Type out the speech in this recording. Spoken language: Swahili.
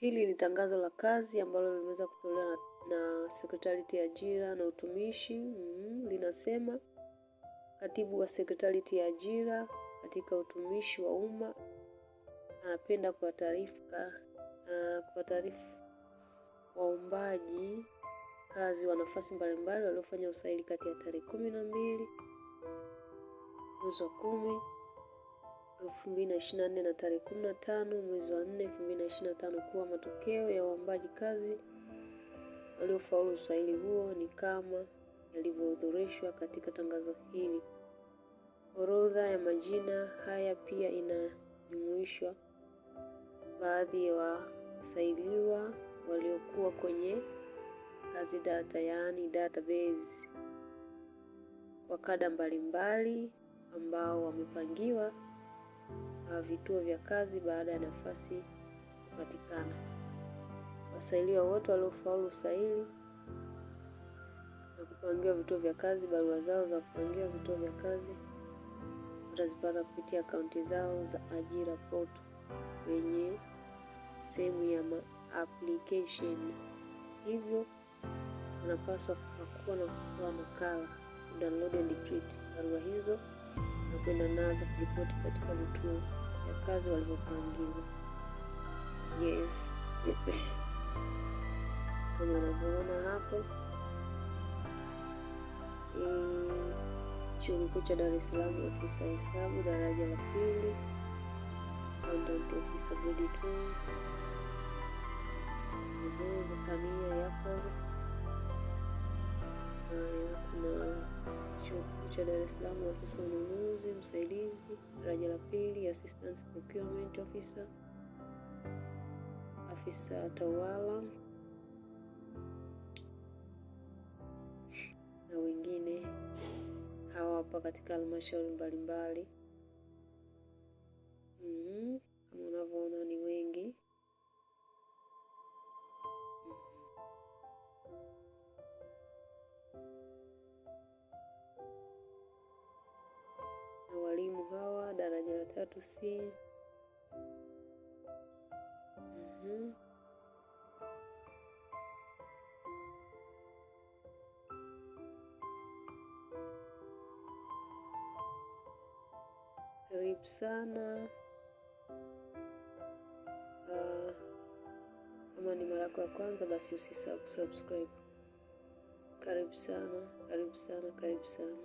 Hili ni tangazo la kazi ambalo limeweza kutolewa na, na ya ajira na utumishi mm, linasema katibu wa sekretariti ya ajira katika utumishi wa umma anapenda kuwataarifa ah, taarifa waombaji kazi wa nafasi mbalimbali waliofanya usaili kati ya tarehe kumi na mbili mwezi wa kumi 2024 na tarehe 15 mwezi wa 4 2025 kuwa matokeo ya waombaji kazi waliofaulu usaili huo ni kama yalivyoorodheshwa katika tangazo hili. Orodha ya majina haya pia inajumuishwa baadhi ya wa wasailiwa waliokuwa kwenye kazi data, yaani database, kwa kada mbalimbali ambao wamepangiwa vituo vya kazi baada ya nafasi kupatikana. Wasailiwa wote waliofaulu usaili na kupangiwa vituo vya kazi, barua zao za kupangiwa vituo vya kazi watazipata kupitia akaunti zao za ajira portal kwenye sehemu ya application. Hivyo wanapaswa kupakua na kutoa makala download and treat barua hizo na kwenda nazo kuripoti katika vituo kazi walivyopangiwa. Yes, kama unavyoona hapo, chuo kikuu cha Dar es Salaam, ofisa hesabu daraja la pili, ofisa gredi two, familia yako cha Dar es Salaam, afisa ununuzi msaidizi daraja la pili, assistant procurement officer, afisa tawala na wengine hawa hapa katika halmashauri mbalimbali. tusie. mm Karibu sana. Uh, kama ni mara yako ya kwanza, basi usisahau kusubscribe. Karibu sana, karibu sana, karibu sana.